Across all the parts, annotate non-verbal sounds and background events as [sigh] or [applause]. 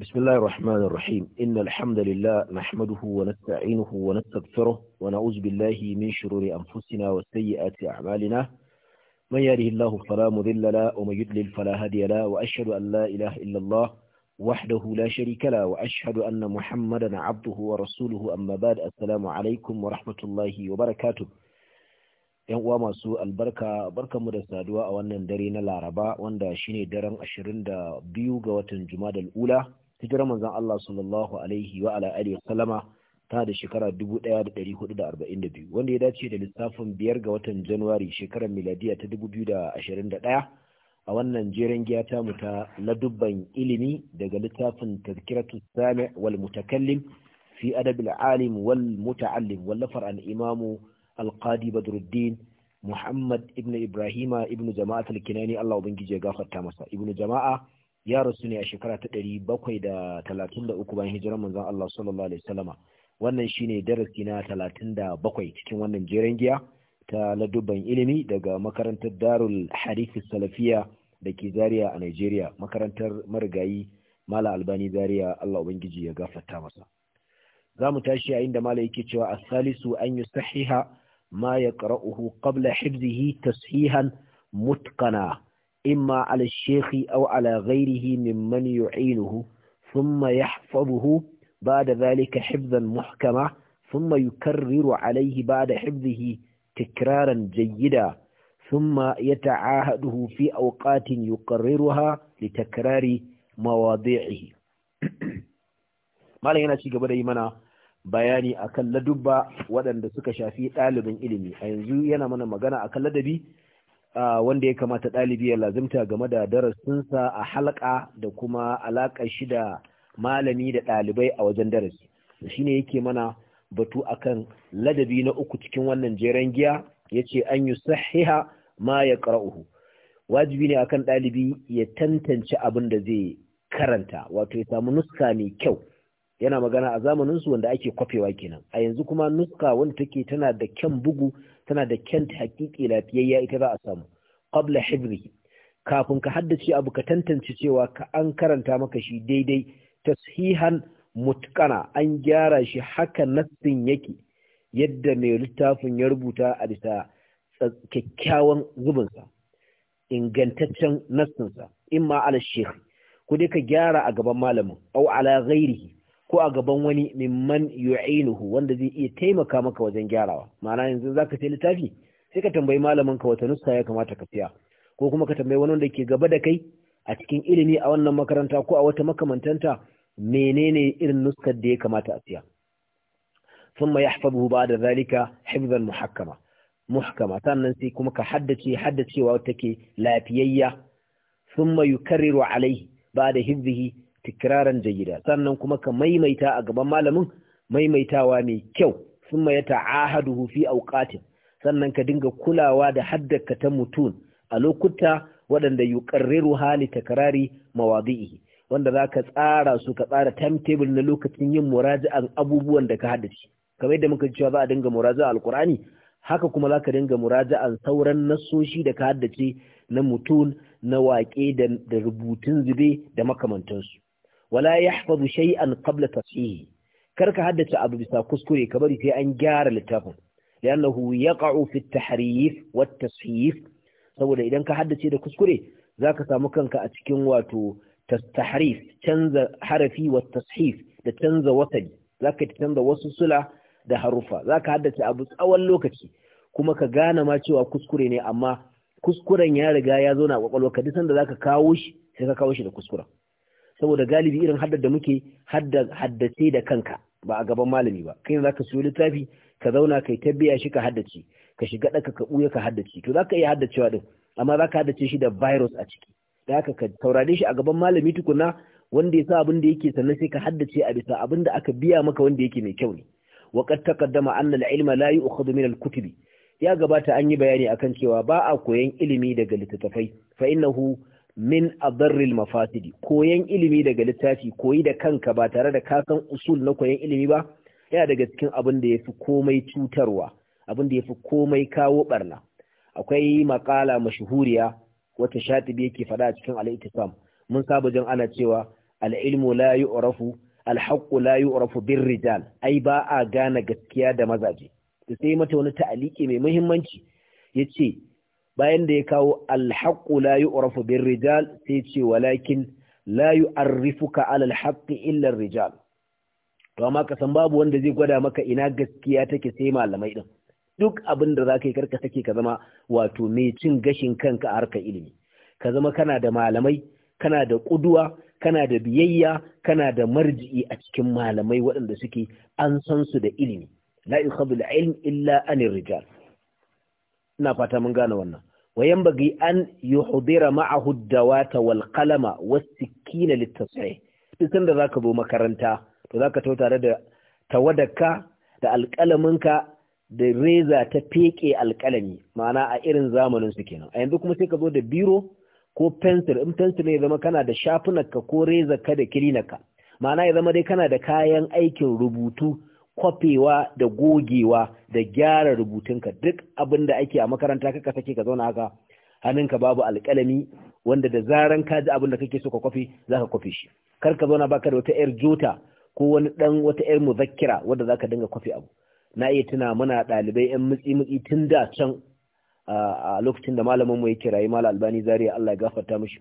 بسم الله الرحمن الرحيم إن الحمد لله نحمده ونستعينه ونستغفره ونعوذ بالله من شرور أنفسنا وسيئات أعمالنا من يهده الله فلا مضل له ومن يضلل فلا هادي له وأشهد أن لا إله إلا الله وحده لا شريك له وأشهد أن محمدا عبده ورسوله أما بعد السلام عليكم ورحمة الله وبركاته ‘Yan uwa masu albarka barkanmu da saduwa a wannan dare na Laraba wanda shine daren 22 ga watan Jumadal Ula hijira manzon Allah sallallahu alaihi wa ala alihi sallama ta da shekara 1442 wanda ya dace da lissafin biyar ga watan Januwari shekarar miladiya ta 2021 a wannan jeren giya ta mu ta ladubban ilimi daga littafin tazkiratu sami' wal mutakallim fi adab al alim wal muta'allim wallafar al imam al qadi badruddin Muhammad ibn Ibrahima ibn Jama'at al-Kinani Allah ubangiji ya gafarta masa ibn Jama'a ya rasu ne a shekara ta ɗari bakwai da talatin da uku bayan hijiran manzon Allah sallallahu alaihi wasallama wannan shine darasi na talatin da bakwai cikin wannan jeren giya ta ladubban ilimi daga makarantar Darul Hadith Salafiya da ke Zaria a Nigeria makarantar marigayi Mala Albani Zaria Allah ubangiji ya gafarta masa za mu tashi yayin da Mala yake cewa as-salisu an sahiha ma yaqra'uhu qabla hifzihi tashihan mutqana إما على الشيخ أو على غيره ممن يعينه ثم يحفظه بعد ذلك حفظا محكما ثم يكرر عليه بعد حفظه تكرارا جيدا ثم يتعاهده في أوقات يقررها لتكرار مواضيعه malam yana ci gaba da yi mana bayani akan ladubba waɗanda suka shafi ɗalibin ilimi a yanzu yana mana magana akan ladabi wanda ya kamata ɗalibi ya lazimta game da darasinsa a halaka da kuma alaƙar shi da malami da ɗalibai a wajen darasi shine yake mana batu akan ladabi na uku cikin wannan jeren giya ya ce an yi sahiha ma ya ƙara'uhu wajibi ne akan ɗalibi ya tantance abin da zai karanta wato ya samu nuska mai kyau yana magana a zamanin su wanda ake kwafewa kenan a yanzu kuma nuska wanda take tana da kyan bugu tana da kyan hakiki lafiyayya ita za a samu qabla hibri kafin ka haddace abu ka tantance cewa ka an karanta maka shi daidai tashihan mutkana an gyara shi haka nassin yake yadda mai littafin ya rubuta a bisa kyakkyawan zubinsa ingantaccen sa imma ala sheikh ku dai ka gyara a gaban malamin au ala ghairihi ko a gaban wani mimman yu'inuhu wanda zai iya taimaka maka wajen gyarawa ma'ana yanzu zaka sai littafi sai ka tambayi malamin ka wata nuska ya kamata ka siya ko kuma ka tambayi wani wanda ke gaba da kai a cikin ilimi a wannan makaranta ko a wata makamantanta menene irin nuskar da ya kamata a siya thumma yahfazuhu ba'da zalika hifzan muhakkama muhkama sannan sai kuma ka haddace haddacewa take lafiyayya thumma yukarriru alaihi ba'da hifzihi tikraran jayyida sannan kuma ka maimaita a gaban malamin maimaitawa mai kyau thumma yata'ahaduhu fi awqatin sannan ka dinga kulawa da haddaka ta mutum a lokuta waɗanda yuqarriru hali takrari mawadi'i wanda za ka tsara su ka tsara timetable na lokacin yin muraji'an abubuwan da ka haddace kamar yadda muka cewa za a dinga muraja'a Alƙur'ani? haka kuma za ka dinga muraji'an sauran nasoshi da ka haddace na mutum, na waƙe da rubutun zube da makamantansu wala yahfazu shay'an qabla tafsihi kar ka haddace abu bisa kuskure ka bari sai an gyara littafin ya yaqa'u fi at-tahrif saboda idan ka haddace da kuskure zaka samu kanka a cikin wato tahrif canza harafi wa tashif da canza wasali zaka canza wasu sula da harufa zaka haddace abu tsawon lokaci kuma ka gane ma cewa kuskure ne amma kuskuren ya riga ya zo na kwakwalwa ka duk sanda zaka kawo shi sai ka kawo shi da kuskura saboda galibi irin haddar da muke haddace da kanka ba a gaban malami ba kai zaka siyo littafi ka zauna kai ta biya shi ka haddace ka shiga ɗaka ka ɓuya ka haddace to za ka iya haddacewa ɗin amma za ka haddace shi da virus a ciki da haka ka taurare shi a gaban malami tukuna wanda ya sa abin da yake sannan sai ka haddace a bisa abin da aka biya maka wanda yake mai kyau ne wa qad taqaddama anna al-ilma la yu'khadhu min al-kutubi ya gabata an yi bayani akan cewa ba a koyan ilimi daga littattafai fa innahu min adarril mafasidi koyan ilimi daga littafi koyi da kanka ba tare da ka san usul na koyan ilimi ba yana daga cikin abin da ya fi komai cutarwa abin da ya fi komai kawo barna akwai makala mashahuriya wata shatibi yake faɗa a cikin al'itisam mun saba jan ana cewa al'ilmu la yu'rafu alhaqqu la yu'rafu bir rijal ai ba a gane gaskiya da mazaje da sai mata wani ta'aliki mai muhimmanci yace bayan da ya kawo alhaqqu la yu'rafu bir rijal sai ce walakin la yu'arrifuka ala alhaqqi illar rijal to amma ka san babu wanda zai gwada maka ina gaskiya take sai malamai din duk abin da zaka yi karka sake ka zama wato mai cin gashin kanka a harkar ilimi ka zama kana da malamai kana da kuduwa kana da biyayya kana da marji'i a cikin malamai waɗanda suke an san su da ilimi la yukhadhu al-ilm illa an rijal ina fata mun gane wannan wayan bagi an yuhdira ma'ahu ad-dawata wal qalama was-sikina lit-tasih duk sanda zaka zo makaranta to za ka tau tare da tawadaka, da alƙalaminka da reza ta feƙe alƙalami ma'ana a irin zamanin su kenan a yanzu kuma sai ka zo da biro ko fensir in fensir ne ya zama kana da ka ko reza ka da kirinaka ma'ana ya zama dai kana da kayan aikin rubutu kwafewa da gogewa da gyara rubutunka duk abin da ake a makaranta kaka sake ka zauna haka ka babu alƙalami wanda da zaran ka ji abin da kake so ka kwafe za ka kwafe shi kar ka zauna baka da wata yar jota ko wani ɗan wata yar muzakkira wanda ka dinga kwafi abu na iya tuna muna ɗalibai yan mutsi mutsi tun da can a lokacin da malamin mu yake rayi malam albani zaria Allah ya gafarta mishi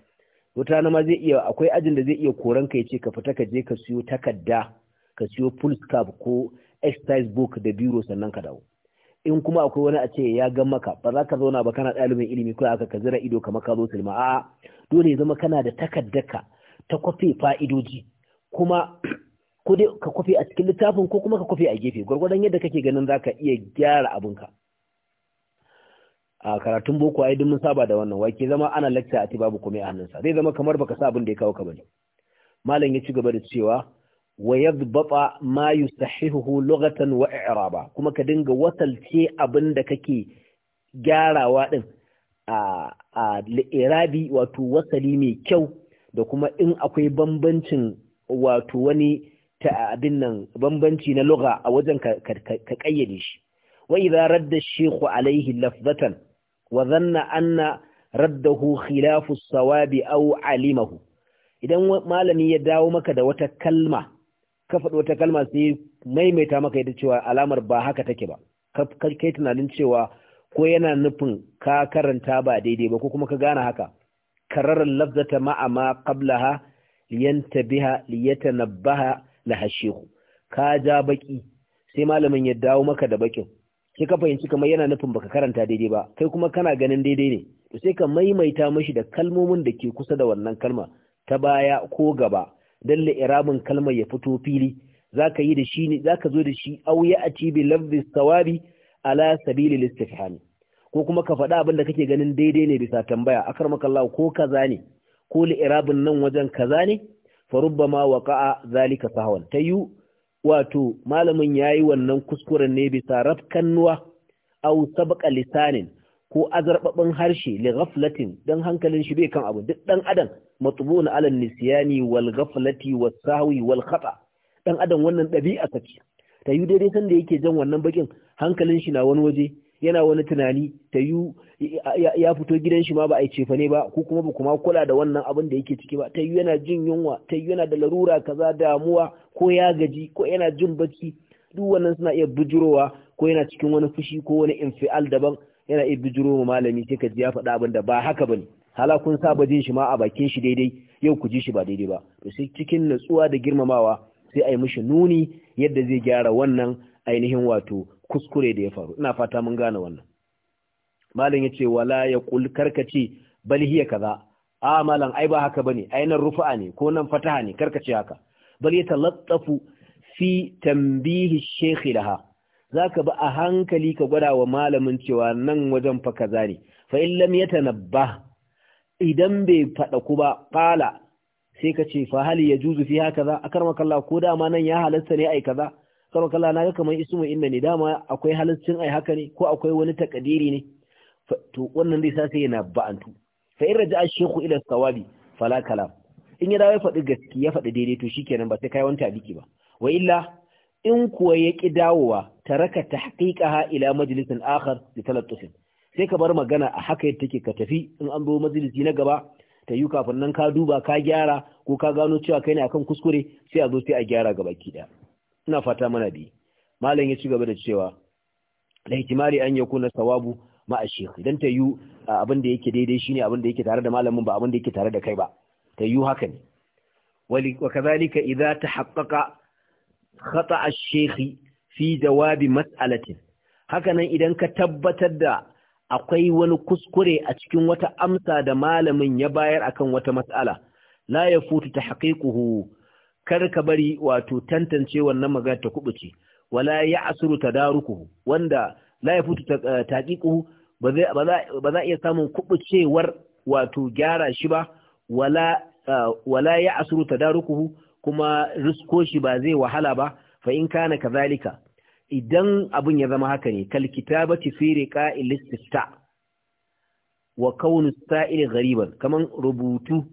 wata na ma zai iya akwai ajin da zai iya koran ka ce ka fita ka je ka siyo takarda ka siyo full scarf ko exercise book da biro sannan ka dawo in kuma akwai wani a ce ya ga maka ba za ka zauna ba kana ɗalibin ilimi ko aka ka zira ido kamar ka zo silma a'a dole ya zama kana da takaddaka ta kwafe fa'idoji kuma ko dai ka kwafe a cikin littafin ko kuma ka kwafe a gefe gwargwadon yadda kake ganin za ka iya gyara abinka a karatun boko ai duk mun saba da wannan wake zama ana lecture a babu komai a hannunsa zai zama kamar baka sa abin da ya kawo ka bane malam ya ci gaba da cewa wa yadbata ma sahihu, lughatan wa i'raba kuma ka dinga wasalce abin da kake gyarawa din a a irabi wato wasali mai kyau da kuma in akwai bambancin wato wani ta abin nan bambanci na lugha a wajen ka kayyade shi wa idza radda shaykhu alayhi lafzatan wa dhanna anna raddahu khilafu as-sawabi aw alimahu idan malami ya dawo maka da wata kalma ka faɗi wata kalma sai maimaita maka yadda cewa alamar ba haka take ba kai tunanin cewa ko yana nufin ka karanta ba daidai ba ko kuma ka gane haka kararar lafzata ma'a ma qablaha liyantabiha liyatanabbaha ku. ka ja baki sai malamin ya dawo maka da bakin sai ka fahimci kamar yana nufin baka karanta daidai ba kai kuma kana ganin daidai ne to sai ka maimaita mashi da kalmomin da ke kusa da wannan kalma ta baya ko gaba dan irabin kalmar ya fito fili zaka yi da shi ne zaka zo da shi au ya ati bi lafzi sawabi ala sabili listifham ko kuma ka faɗa abin da kake ganin daidai ne bisa tambaya akar maka Allah ko kaza ne ko li'irabin nan wajen kaza ne farubbama waqa'a zalika sahwan tayu wato malamin ya yi wannan kuskuren ne bisa rafkannuwa aw sabqa lisanin ko azarbaɓin harshe li ghaflatin don hankalin shi bai kan abu duk ɗan adam matbun ala nisyani wal ghaflati was sahwi wal khata ɗan adam wannan dabi'a Ta tayu daidai san da yake jan wannan bakin hankalin shi na wani waje yana wani tunani ta yi ya fito gidan shi ma ba a yi cefa ne ba ko kuma ba kuma kula da wannan abin da yake ciki ba ta yi yana jin yunwa ta yi yana da larura kaza damuwa ko ya gaji ko yana jin baki. duk wannan suna iya bujurowa ko yana cikin wani fushi ko wani infial daban yana iya bijiro ma malami sai ka ji ya faɗa abin da ba haka bane hala kun saba jin shi ma a bakin shi daidai yau ku ji shi ba daidai ba to sai cikin natsuwa da girmamawa sai a yi mishi nuni yadda zai gyara wannan ainihin wato kuskure da ya faru ina fata mun gane wannan malam yace wala ya kul karkace bal hiya kaza a malam ai ba haka bane ai nan rufa'a ne ko nan fataha ne karkace haka bal talattafu fi tambihi shaykh laha zaka ba a hankali ka gwada wa malamin cewa nan wajen fa kaza ne fa in lam yatanabba idan bai fada ku ba qala sai ka ce fa hal yajuzu fi haka za akarmaka Allah ko da ma nan ya halatta ne ai kaza karo kala na ga kamar ismu inna ne dama akwai halaccin ai haka ne ko akwai wani takadiri ne to wannan zai sa yana ba'antu fa in raja'a shaykhu ila sawabi fala kalam in ya dawo ya faɗi gaskiya ya faɗi daidai to shikenan ba sai kai wani tabiki ba wa illa in kuwa ya ta dawowa taraka tahqiqaha ila majlisin akhar li talattufin sai ka bar magana a haka yadda take ka tafi in an zo majalisi na gaba ta yi kafin nan ka duba ka gyara ko ka gano cewa kai ne akan kuskure sai a zo sai a gyara gaba ki daya ina fata mana bi malam ya ci gaba da cewa la ihtimali an yakuna sawabu ma a shekhi don ta yi abin da yake daidai shine abin da yake tare da malamin ba abin da yake tare da kai ba ta yi haka ne wa kazalika idza tahaqqaqa khata ash-shaykh fi jawabi mas'alatin haka nan idan ka tabbatar da akwai wani kuskure a cikin wata amsa da malamin ya bayar akan wata mas'ala la yafutu tahqiquhu kar ka bari wato tantance wannan magana ta kubuce wala ya asuru tadaruku wanda la ya futu taqiqu eh, ba za iya samun kubucewar wato gyara shi ba wala ya eh, asuru tadaruku kuma risko shi ba zai wahala ba fa in kana kazalika idan abun ya zama haka ne kal kitabati fi riqa'il wa kaunu sa'il ghariban kaman rubutu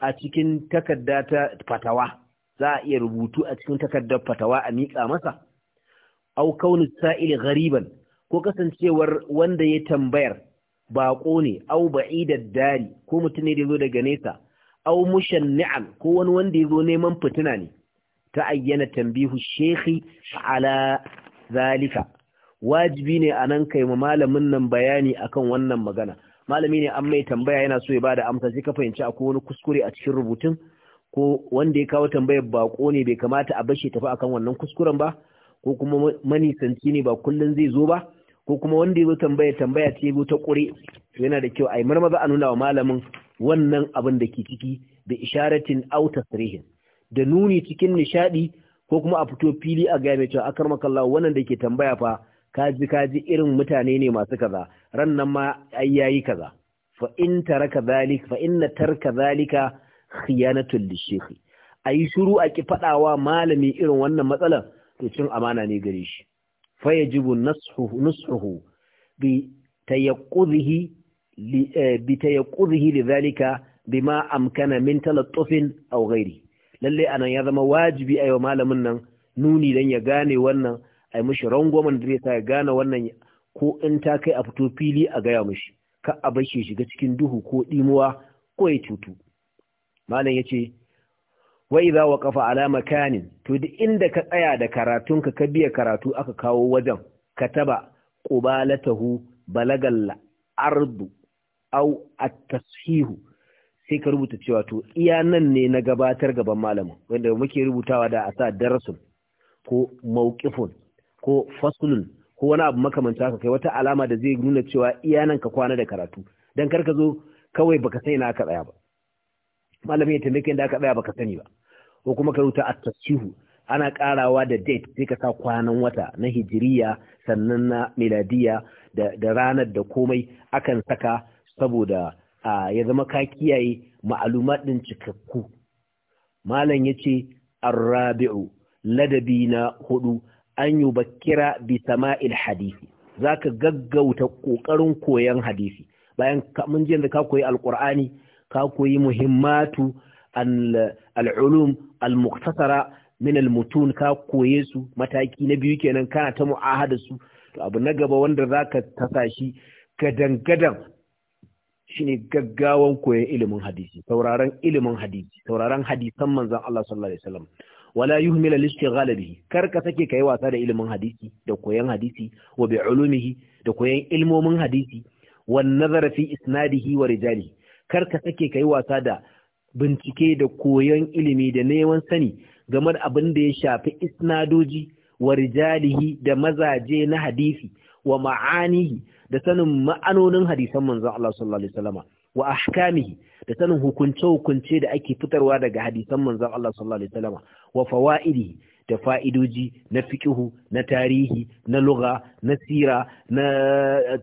a cikin takarda ta fatawa za a iya rubutu a cikin takardar fatawa a miƙa masa au kaunu sa'ili ghariban ko kasancewar wanda ya tambayar baƙo ne au ba'idad dari ko mutum ne da zo daga nesa au mushanni'an ko wani wanda ya zo neman fitina ne ta ayyana tambihu shekhi ala zalika wajibi ne anan kai ma malamin nan bayani akan wannan magana malami ne an mai tambaya yana so ya bada amsa sai ka fahimci akwai wani kuskure a cikin rubutun ko wanda ya kawo tambayar bako ne bai kamata a bashe tafi akan wannan kuskuren ba ko kuma manisanci ne ba kullum zai zo ba ko kuma wanda ya zo tambaya tambaya ce zo ta ƙure yana da kyau a yi marmaza a nuna wa malamin wannan abin da ke ciki da isharatin auta sarihin da nuni cikin nishaɗi ko kuma a fito fili a gaya mai cewa akar makalla wannan da ke tambaya fa kaji kaji irin mutane ne masu kaza ran nan ma ai yayi kaza fa in taraka zalika fa in tarka zalika khiyanatul lishehi a yi shuru a ki faɗawa malami irin wannan matsalar to cin amana ne gare shi fayajibu nasuhu bi tayaqqudihi eh, bi tayaqqudihi lidhalika bima amkana min talattufin aw ghairi lalle anan ya zama wajibi a ayo malamin nan nuni dan ya gane wannan ai mashi rangwamen da zai sa ya gane wannan ko in ta kai a fito fili a gaya mashi? ka a bar shiga cikin duhu ko dimuwa ko ya cutu malam yace wa idza waqafa ala makanin to duk inda ka tsaya da karatun ka ka biya karatu aka kawo wajen kataba qubalatahu balagal ardu aw at-tashihu sai ka rubuta cewa to iya nan ne na gabatar gaban malamin wanda muke rubutawa da a sa darasin, ko mawqifun ko faslun ko wani abu makamanta ka kai wata alama da zai nuna cewa iya nan ka kwana da karatu dan kar ka zo kawai baka sai na ka tsaya ba malamin ya tambaye ka inda aka tsaya baka sani ba ko kuma ka rubuta at-tashihu ana karawa da date sai ka sa kwanan wata na hijiriya sannan na miladiya da, da ranar da komai akan saka saboda ya zama ka kiyaye ma'alumat din cikakku malam yace ar-rabi'u ladabi na hudu an yi bakira bi sama'il hadisi zaka gaggauta ƙoƙarin koyon hadisi bayan mun jin da ka koyi alqur'ani ka koyi muhimmatu al'ulum al-muktasara min al-mutun ka koye su mataki na biyu kenan kana ta mu'ahada su to abu na gaba wanda zaka tasa shi gadangadan shine gaggawan koyan ilimin hadisi sauraron ilimin hadisi sauraron hadisan manzon Allah sallallahu alaihi wala yuhmila al-ishtighal bihi kar ka sake kai wasa da ilimin hadisi da koyan hadisi wa bi ulumihi da koyan ilmomin hadisi wan nazara fi isnadihi wa rijalihi kar ka sake kai wasa da bincike da koyon ilimi da neman sani game da abin da ya shafi isnadoji wa rijalihi da mazaje na hadisi wa ma'anihi da sanin ma'anonin hadisan manzon Allah sallallahu alaihi wasallama wa ahkamihi da sanin hukunce-hukunce da ake fitarwa daga hadisan manzon Allah sallallahu alaihi wasallama wa fawaidihi da fa'idoji na fiƙihu na tarihi na lugha na sira na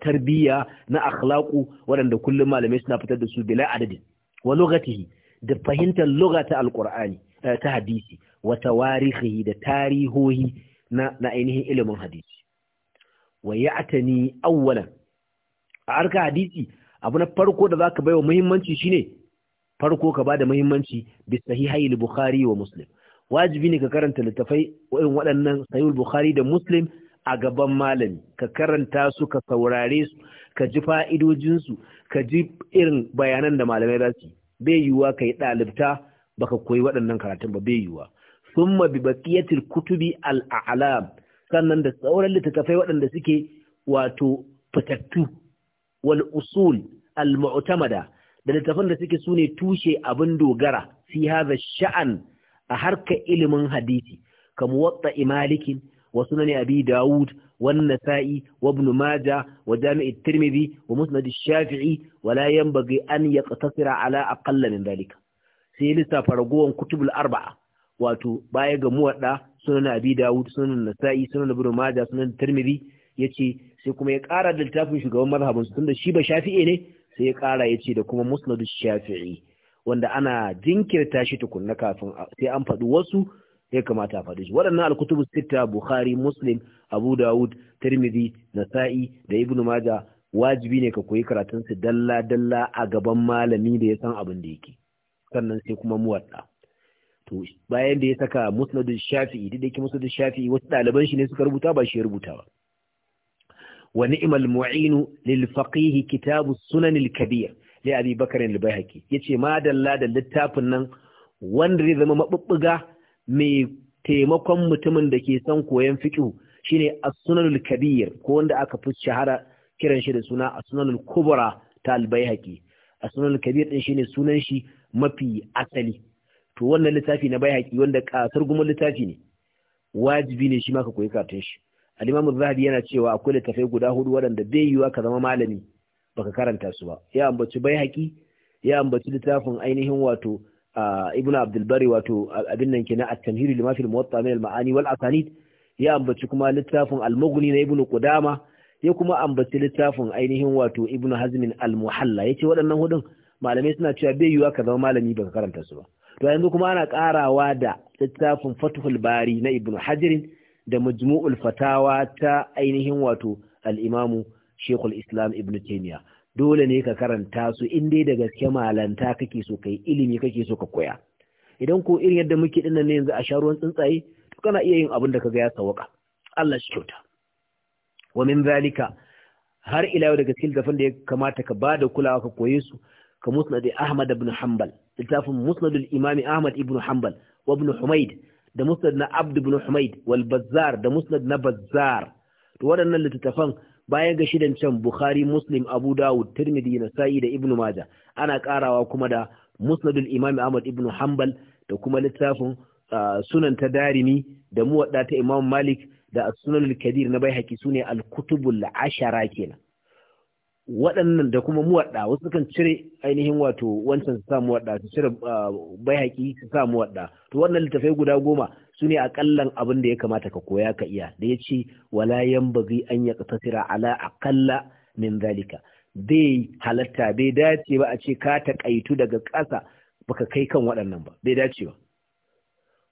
tarbiyya na akhlaƙu waɗanda kullum malamai suna fitar da su bila adadin wa lugatihi da fahimtar lugha ta alƙur'ani eh, ta hadisi wa tawarihi da tarihohi na ainihin ilimin hadisi wa ya'tani awwalan a harka hadisi abu na farko da zaka baiwa muhimmanci shine farko ka bada muhimmanci bi sahihai bukhari wa muslim wajibi ne ka karanta littafai irin waɗannan sahihul bukhari da muslim a gaban malami ka karanta su ka saurare su ka ji fa'idojinsu ka ji irin bayanan da malamai za su bai yiwuwa ka yi ɗalibta baka koyi waɗannan karatun ba bai yiwuwa sun bi baqiyatil kutubi al'alam sannan da sauran littattafai waɗanda suke wato fitattu wal usul al mu'tamada da littafan da suke sune tushe abin dogara fi hadha sha'an a harka ilimin hadisi kamar watta imalikin wa sunan abi dawud wan nasa'i wa ibn majah wa jami' at-tirmidhi wa musnad shafii wa la yanbaghi an yaqtasira ala aqalla min dhalika sai Lissa ragowan kutubul arba'a wato baya ga muwadda sunan abi dawud sunan nasa'i sunan ibn majah sunan tirmidhi yace sai kuma ya ƙara da littafin shugaban mazhabin tunda shi ba shafi'i ne sai ya ƙara yace da kuma musnad shafii wanda ana jinkirta shi tukunna kafin sai an faɗi wasu ya kamata a faɗi shi waɗannan alkutubu sita bukhari muslim abu dawud tirmidhi nasa'i da ibn maja wajibi ne ka koyi karatun su dalla dalla a gaban malami da ya san abin da yake sannan sai kuma muwadda to bayan da ya saka musnadul shafi'i da yake musnadul shafi'i wasu ɗaliban shi ne suka rubuta ba shi ya rubuta ba wa ni'mal mu'inu lil faqih kitabus sunanil kabir Sai abi bakar al ya yace ma dalla da littafin nan wanda zai zama mabubbuga mai taimakon mutumin da ke son koyon fiqh shine as-sunanul kabir ko wanda aka fi shahara kiran shi da suna as-sunanul kubra ta al as-sunanul kabir din shine sunan shi mafi asali to wannan littafi na bayhaqi wanda kasar gumul littafi ne wajibi ne shi ma ka koyi karatun shi al-imam az-zahabi yana cewa akwai littafai guda hudu waɗanda bai yiwa ka zama malami baka karanta su ba ya ambaci baihaqi ya ambaci littafin ainihin wato ibnu abdul bari wato abin nan kenan at-tamhir lima fil muwatta min al-ma'ani wal asanid ya ambaci kuma littafin al-mughni na ibnu qudama ya kuma ambaci littafin ainihin wato ibnu hazmin al-muhalla yace waɗannan hudun malamai suna cewa bai yiwa ka zama malami baka karanta su ba to yanzu kuma ana karawa da littafin fathul bari na ibnu hajar da majmu'ul fatawa ta ainihin wato al-imamu shekul islam ibn taimiya dole ne ka karanta su in dai da gaske malanta kake so kai ilimi kake so ka koya idan ko irin yadda muke dinnan ne yanzu a sha tsuntsaye to kana iya yin abin da kaga ya sawaka Allah shi kyauta wa min zalika har ila yau daga cikin da ya kamata ka bada kulawa ka koye su ka musnad Ahmad ibn Hanbal littafin musnad al-Imam Ahmad ibn Hanbal wa ibn Humayd da musnad na Abd ibn Humayd wal Bazzar da musnad na Bazzar to waɗannan littafan. baya ga shidan can Bukhari Muslim Abu Dawud Tirmidhi Nasa'i da Ibn Majah ana karawa kuma da Musnadul Imam Ahmad Ibn Hanbal da kuma littafin Sunan ta Darimi da Muwadda ta Imam Malik da As-Sunanul Kabir na Baihaqi sune al-kutubul ashara kenan waɗannan da kuma muwaɗa wasu kan cire ainihin wato wancan su sa muwaɗa su cire ah, baihaki su sa muwaɗa to wannan littafai guda goma su ne aƙallan abin da ya kamata ka koya ka iya da ya ce wala bagi an ya ƙasasira ala aƙalla min zalika bai halatta bai dace ba a ce ka taƙaitu daga ƙasa baka kai kan waɗannan ba bai dace ba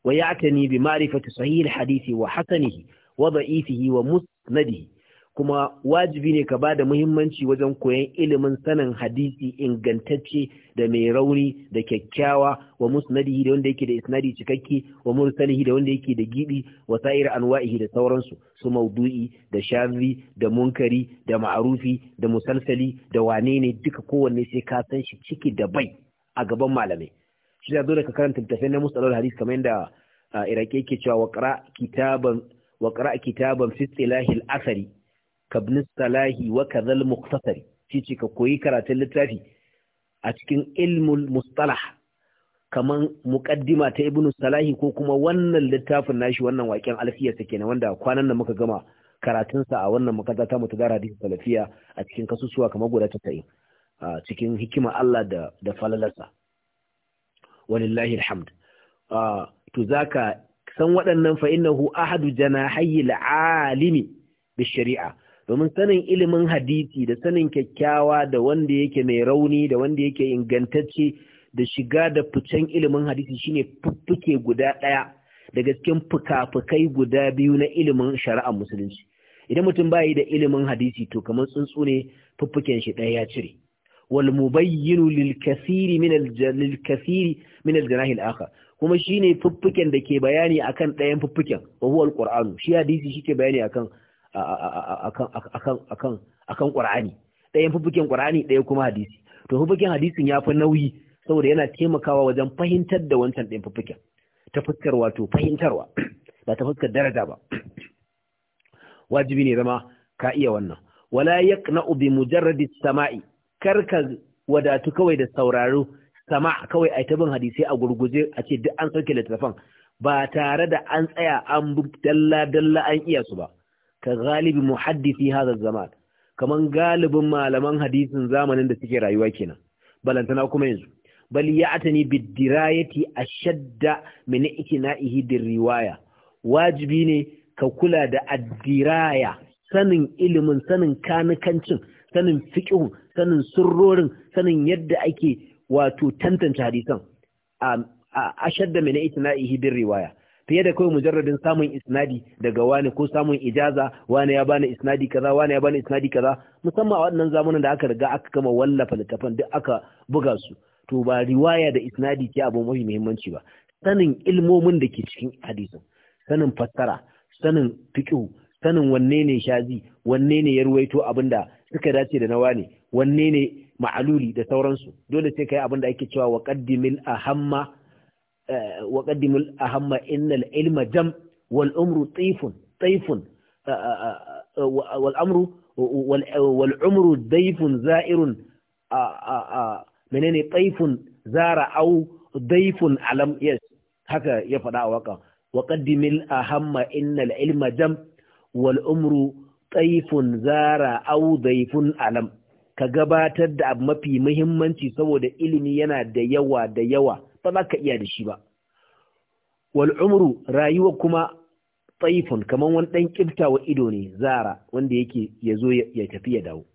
wa ya bi ma'rifati sahih hadisi wa hasanihi wa da'ifihi wa musnadihi kuma wajibi ne ka ba da muhimmanci wajen koyan ilimin sanin hadisi ingantacce da mai rauni da kyakkyawa wa musnadihi da wanda yake da isnadi cikakke wa mursalihi da wanda yake da gibi wa sa'ir anwa'ihi da sauransu su maudu'i da shazi da munkari da ma'arufi da musalsali da wane ne duka kowanne sai ka san shi ciki da bai a gaban malamai shi da dole ka karanta littafai na musalar hadisi kamar yadda irake yake cewa wa kitaban wa kitaban fi asari kabnis salahi wa kazal muktasari shi ce ka koyi karatun littafi a cikin ilmul mustalah kaman muqaddima ta ibnu salahi ko kuma wannan littafin nashi wannan waken alfiyarsa kenan wanda kwanan nan muka gama karatunsa a wannan makata ta mutadara hadisi salafiya a cikin kasusuwa kamar guda 90 a cikin hikima Allah da da falalarsa walillahi alhamd to zaka san waɗannan fa innahu ahadu janahayi alimi bi shari'a domin sanin ilimin hadisi da sanin kyakkyawa da wanda yake mai rauni da wanda yake ingantacce da shiga da ficen ilimin hadisi shine fuffuke guda ɗaya daga cikin fuka-fukai guda biyu na ilimin shari'ar musulunci idan mutum bayi da ilimin hadisi to kamar tsuntsu ne fuffuken shi ɗaya ya cire wal mubayyinu lil kathiri min al lil min al janahi al akhar kuma shine fuffuken da ke bayani akan ɗayan fuffuken wa huwa al qur'an shi hadisi shike bayani akan A akan ƙur'ani ɗayan fufukin ƙur'ani ɗaya kuma hadisi to fufukin hadisin ya fi nauyi saboda yana taimakawa wajen fahimtar da wancan ɗayan fufukin ta fuskar wato fahimtarwa [clears throat] ba ta fuskar daraja ba [clears throat] wajibi ne zama ka iya wannan wala yaqna'u bi mujarradi samai karka wadatu kawai da sauraro sama kawai ai tabin hadisi a gurguje a ce duk an sauke littafin ba tare da an tsaya an bi dalla dalla an iya su ba ka galibi muhaddisi hadha zaman kaman galibin malaman hadisin zamanin da suke rayuwa kenan balantana kuma yanzu bal ya'tani bidirayati ashadda min ikna'ihi riwaya. wajibi ne ka kula da addiraya sanin ilimin sanin kanikancin sanin fiqhu sanin surrorin sanin yadda ake wato tantance hadisan a ashadda min ikna'ihi riwaya. fiye da kawai mujarradin samun isnadi daga wani ko samun ijaza wani ya bani isnadi kaza wani ya bani isnadi kaza musamman a waɗannan zamanin da aka riga aka kama wallafa littafan duk aka buga su to ba riwaya da isnadi ke abu mafi muhimmanci ba sanin ilmomin da ke cikin hadisin sanin fassara sanin fiqh sanin wanne ne shazi wanne ne ya ruwaito abinda suka dace da nawa ne wanne ne ma'aluli da sauransu dole sai kai abinda ake cewa wa qaddimil ahamma wa qaddimul menene taifun zara au haka ya faɗa a waka wa qaddimil ahamma innal ilma jam wal umru zara au daifun alam ka gabatar da abu mafi muhimmanci saboda ilimi yana da yawa da yawa ba za ka iya da shi ba wal umru rayuwa kuma tsaifun kamar wani ɗan kifta wa ido ne zara wanda yake ya zo ya tafi ya dawo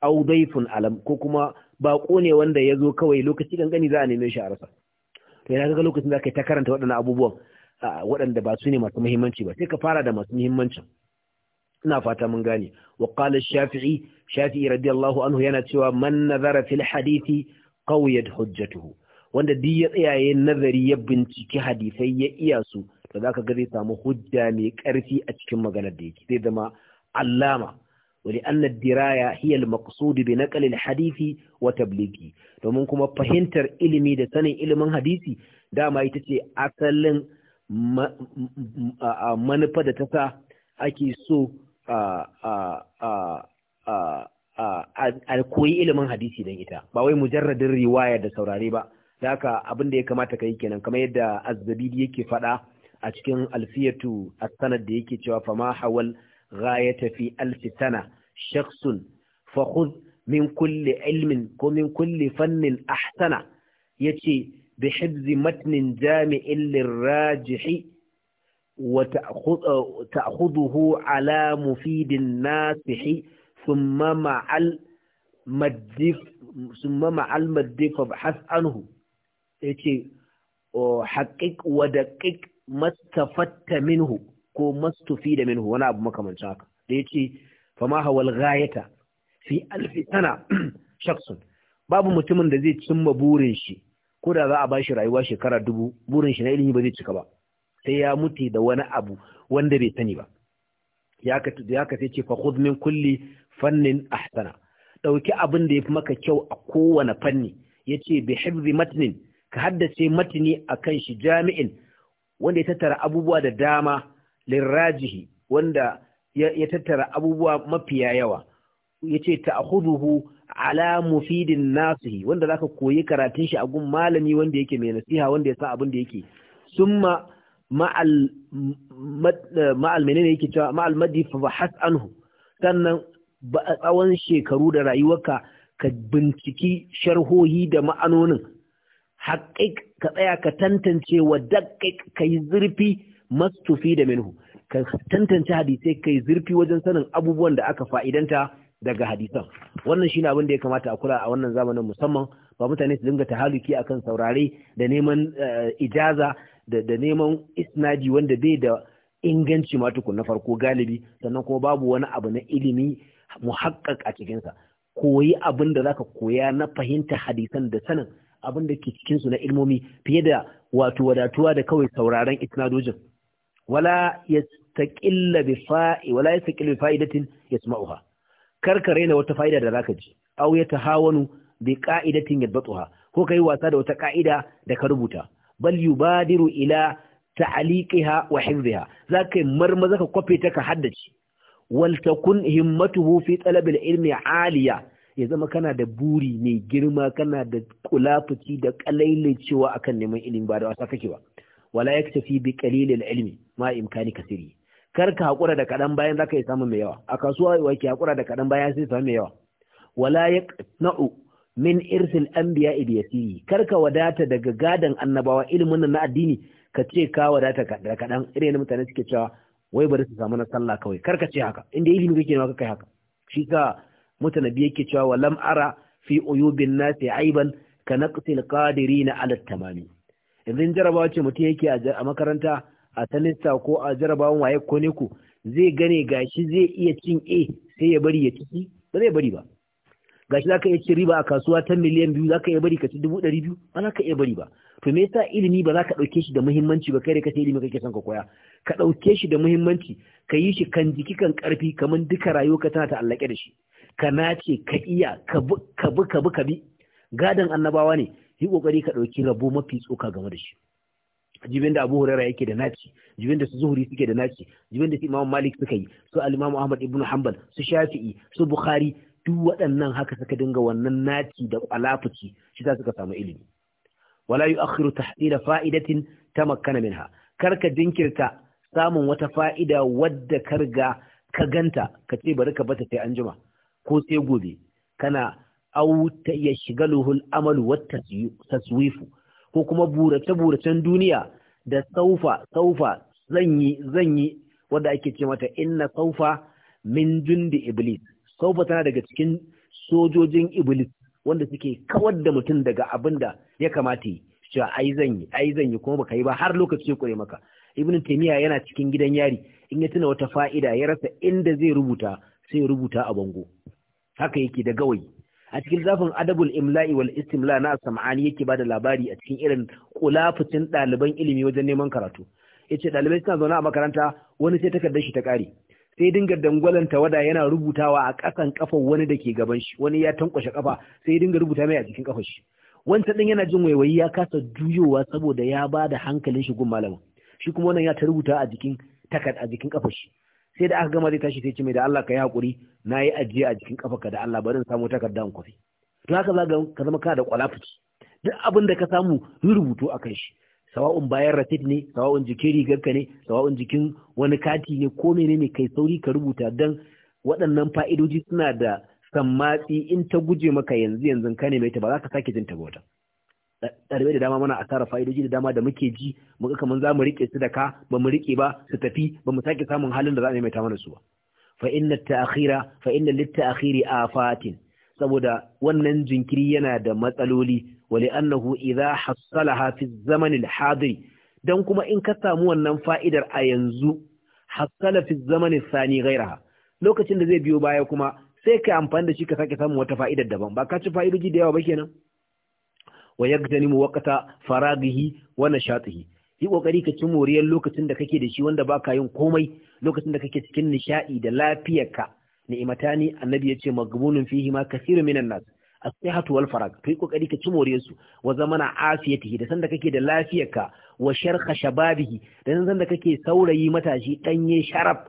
au daifun alam ko kuma baƙo ne wanda ya zo kawai lokaci gangani za a neme shi a rasa to yana ga lokacin da ka ta karanta waɗannan abubuwan waɗanda ba su ne masu muhimmanci ba sai ka fara da masu muhimmancin ina fata mun gane wa qala shafi'i shafi'i radiyallahu anhu yana cewa man nazara fil hadithi qawiyat hujjatuhu wanda duk ya tsayaye nazari ya binciki hadisai ya iya su to ka ga zai samu hujja mai ƙarfi a cikin maganar da yake zai zama allama wani an diraya hiya al-maqsud bi naqli hadisi wa tablighi domin kuma fahimtar ilimi da sanin ilimin hadisi dama ita ce asalin manufa da ta sa ake so a koyi ilimin hadisi don ita ba wai mujarradin riwaya da saurare ba da haka abin da ya kamata ka yi kenan kamar yadda azzabidi yake faɗa a cikin alfiyatu a sanad da yake cewa fama hawal ghayata fi alfi sana shakhsun min kulli ilmin ko min kulli fannin ahsana yace bi hibzi matnin jami'in lirajihi wa ta'khudhuhu ala mufidin nasihi thumma ma'al madif ثم مع فابحث عنه yace haƙiƙ wa ƙiƙ mastafatta minhu ko da minhu wani abu makamancin haka da yace fama hawal gayata fi alfi tana [clears throat] shaksun babu mutumin da zai cimma burin shi ko da za a bashi rayuwa shekara dubu burin shi na ilimi ba zai cika ba sai ya mutu da wani abu wanda bai sani ba ya ka ya ce fa min kulli fannin ahsana dauki abin da yafi maka kyau a kowane fanni yace bi hifzi matnin ka haddace matini kan shi jami'in wanda ya tattara abubuwa da dama lirajihi wanda ya tattara abubuwa mafiya yawa yace ta'khuduhu ala mufidin nasihi wanda zaka koyi karatun shi a gun malami wanda yake mai nasiha wanda ya san abin da yake summa ma'al ma'al menene yake cewa ma'al madi fa bahas anhu sannan ba tsawon shekaru da rayuwarka ka binciki sharhohi da ma'anonin haƙiƙ ka tsaya ka tantance wa daƙiƙ ka yi zurfi mastufi da minhu ka tantance hadisai ka yi zurfi wajen sanin abubuwan da aka fa'idanta daga hadisan wannan shine abin da ya kamata a kula a wannan zamanin musamman ba mutane su dinga tahaluki akan saurare da neman eh, ijaza da neman isnadi wanda bai da inganci ma tukun na farko galibi sannan kuma babu wani abu na ilimi muhakkak a cikinsa koyi abin da zaka koya na fahimta hadisan da sanin abin da ke cikinsu na ilmomi fiye da wato wadatuwa da kawai sauraron isnadojin wala yastaqilla bi fa'i wala yastaqilla bi fa'idatin Kar ka raina wata fa'ida da zaka ji aw yatahawanu bi qa'idatin yadbatuha ko kai wasa da wata ka'ida da ka rubuta bal yubadiru ila ta'liqiha wa hifdhiha zaka yi marmaza ka kwafe ta ka haddace wal takun himmatuhu fi talab ilmi 'aliya ya zama kana da buri mai girma kana da kulafuci da kalailacewa akan neman ilimi ba da wasa kake ba wala yaktafi bi qalilil ilmi ma imkani kasiri kar ka hakura da kadan bayan zaka yi samu mai yawa a kasuwa wai ki hakura da kadan bayan sai samu mai yawa wala yaqna'u min irsil anbiya bi yasiri kar ka wadata daga gadon annabawa ilimin nan na addini ka ce ka wadata da kadan irin mutane suke cewa wai bari su samu na sallah kawai kar ka ce haka inda ilimi kake ne ka kai haka shi ka mutanabi yake cewa wa lam ara fi uyubin nasi aiban ka naqtil qadirina ala tamami idan jarabawa ce mutum yake a makaranta a tanista ko a jarabawan waye ko ne ku zai gane gashi zai iya cin A sai ya bari ya ciki ba zai bari ba gashi zaka iya cin riba a kasuwa ta miliyan biyu zaka iya bari ka ci dubu ɗari biyu ba zaka iya bari ba to me yasa ilimi ba za ka ɗauke shi da muhimmanci ba kai da kace ilimi kake son ka koya ka ɗauke shi da muhimmanci ka yi shi kan jiki kan ƙarfi kamar duka rayuwa ka tana ta'allake da shi ka nace ka iya ka bi ka bi ka bi annabawa ne yi kokari ka dauki rabo mafi tsoka game da shi jibin da Abu Hurairah yake da naci jibin da su Zuhri suke da naci jibin da su Imam Malik suka yi su Al-Imam Ahmad ibn Hanbal su Shafi'i su Bukhari duk waɗannan haka suka dinga wannan naci da alafuci shi ta suka samu ilimi wala yu'akhiru tahsila fa'idatin tamakkana minha karka dinkirta samun wata fa'ida wadda karga ka ganta ka ce bari ka bata sai anjima ko sai gobe kana auta ya shiga luhul amalu wata taswifu ko kuma burace-buracen duniya da saufa saufa zanyi zanyi wanda ake ce mata inna saufa min jundi iblis saufa tana daga cikin sojojin iblis wanda suke kawar da mutum daga abin da ya kamata yi ai zanyi ai zanyi kuma baka yi ba har lokaci ya kure maka ibn taymiya yana cikin gidan yari in ya tuna wata fa'ida ya rasa inda zai rubuta sai rubuta a bango haka yake da gawayi a cikin zafin adabul imla'i wal istimla na sam'ani yake bada labari a cikin irin kulafucin ɗaliban ilimi wajen neman karatu yace ɗalibai suna zaune a makaranta wani sai takardar shi ta ƙare sai dinga dangwalan wada yana rubutawa a ƙasan kafan wani da ke gaban shi wani ya tankwashe kafa sai dinga rubuta mai a cikin kafar shi wancan ɗin yana jin waiwayi ya kasa juyowa saboda ya ba da hankalin shi gun malamin shi kuma wannan ya ta rubuta a jikin takad a jikin kafar shi sai da aka gama zai tashi sai ce mai da Allah ka yi hakuri na yi ajiye a jikin ka da Allah bari in samu takarda in kwafi to haka za ka zama ka da kwalafuci duk abin da ka samu rubutu a kan shi sawa'un bayan rasit ne sawa'un jikin ka ne sawa'un jikin wani kati ne ko ne kai sauri ka rubuta don waɗannan fa'idoji suna da sammatsi in ta guje maka yanzu yanzu ka ne mai ta ba za ka sake jin ta ba wata ɗalibai da dama muna a tara fa'idoji da dama da muke ji muka kamar za mu riƙe su da ka ba mu riƙe ba su tafi ba mu sake samun halin da za mu maimaita mana su ba fa inna ta'khira fa inna lit afatin saboda wannan jinkiri yana da matsaloli wa annahu idha hassalaha fi zaman al dan kuma in ka samu wannan fa'idar a yanzu hassala fi zaman al-thani ghayraha lokacin da zai biyo baya kuma sai ka amfani da shi ka sake samun wata fa'idar daban ba ka ci fa'idoji da yawa ba kenan wa mu waqta faragihi wa nashatihi yi kokari ka ci moriyar lokacin da kake da shi wanda baka yin komai lokacin da kake cikin nishadi da lafiyarka ni'matani annabi yace magbunun fihi ma kaseerun minan nas as-sihhatu wal farag to yi kokari ka ci moriyar su wa zamana afiyatihi da sanda kake da lafiyarka wa sharha shababihi da sanda kake saurayi matashi danye sharaf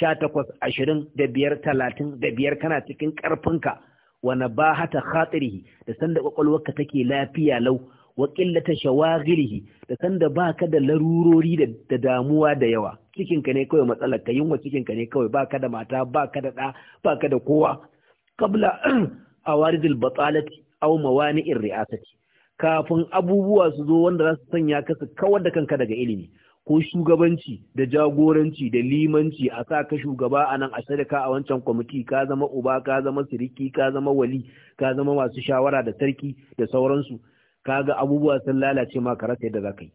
18 25 30 da biyar kana cikin karfinka wa nabahata khatirihi da sanda kwakwalwarka take lafiya lau wa qillata shawaghilihi da sanda baka da larurori da damuwa da yawa cikinka ne kawai matsalar ka yunwa cikinka ne kawai baka da mata baka da da baka da kowa qabla [clears throat] awaridil batalati aw mawani'ir ri'asati kafin abubuwa su zo wanda za su sanya ka su kawar da kanka daga ilimi ko shugabanci da jagoranci da limanci a sa ka shugaba a nan a sadaka a wancan kwamiti ka zama uba ka zama siriki ka zama wali ka zama masu shawara da sarki da sauransu Ka ga abubuwa sun lalace ma ka rasa yadda za ka yi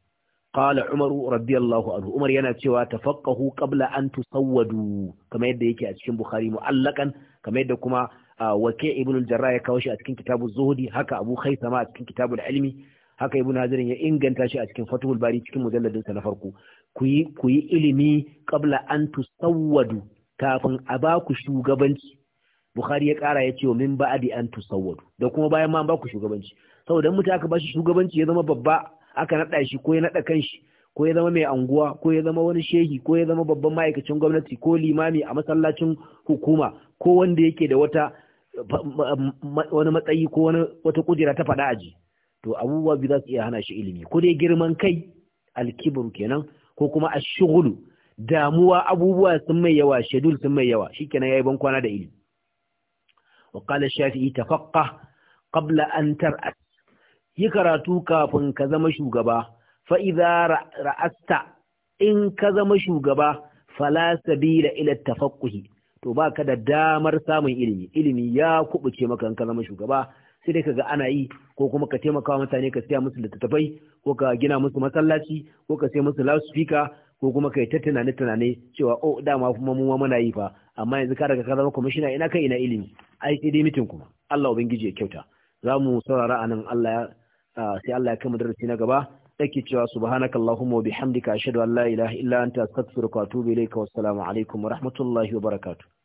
qala umaru radiyallahu anhu umar yana cewa tafaqqahu qabla an tusawwadu kamar yadda yake a cikin bukhari mu'allakan kamar yadda kuma ah, wake ibn al-jarrah ya kawo shi a cikin kitabu Zuhudi, haka abu khaisama a cikin kitabu al ilmi haka ibn nazirin ya inganta shi a cikin fatuhul bari cikin mujalladin sa na farko ku yi ku yi ilimi qabla an tusawwadu kafin a ba ku shugabanci bukhari ya kara ya ce wa min ba'di an tusawwadu da kuma bayan ma an ba ku shugabanci saboda mutum aka ba shi shugabanci ya zama babba aka nada shi ko ya nada kanshi ko ya zama mai anguwa ko ya zama wani shehi ko ya zama babban ma'aikacin gwamnati ko limami a masallacin hukuma ko wanda yake da wata wani matsayi ko wani wata kujera ta faɗa aji to abubuwa biyu za su iya hana shi ilimi ko dai girman kai alkibru kenan ko kuma a ashghulu damuwa abubuwa sun mai yawa shedul sun mai yawa shikenan ya ban kwana da ilimi wa qala shafi'i tafaqqa qabla an tar'a yi karatu kafin ka zama shugaba fa ra'asta in ka zama shugaba fala sabila ila tafaqquhi to baka da damar samun ilimi ilimi ya kubuce maka in ka zama shugaba sai dai kaga ana yi ko kuma ka taimaka mutane ka siya musu littattafai ko ka gina musu masallaci ko ka sai musu loudspeaker ko kuma ka yi ta tunane tunane cewa o oh, dama kuma mu muna yi fa amma yanzu ka daga ka zama kwamishina ina kai ina ilimi ai sai dai mitin kuma Allah ubangiji ya kyauta za mu saurara anan Allah ya sai Allah ya kai mu darasi na gaba take cewa subhanakallahumma wa bihamdika ashhadu an la ilaha illa anta astaghfiruka wa atubu ilayka wassalamu alaikum wa rahmatullahi wa barakatuh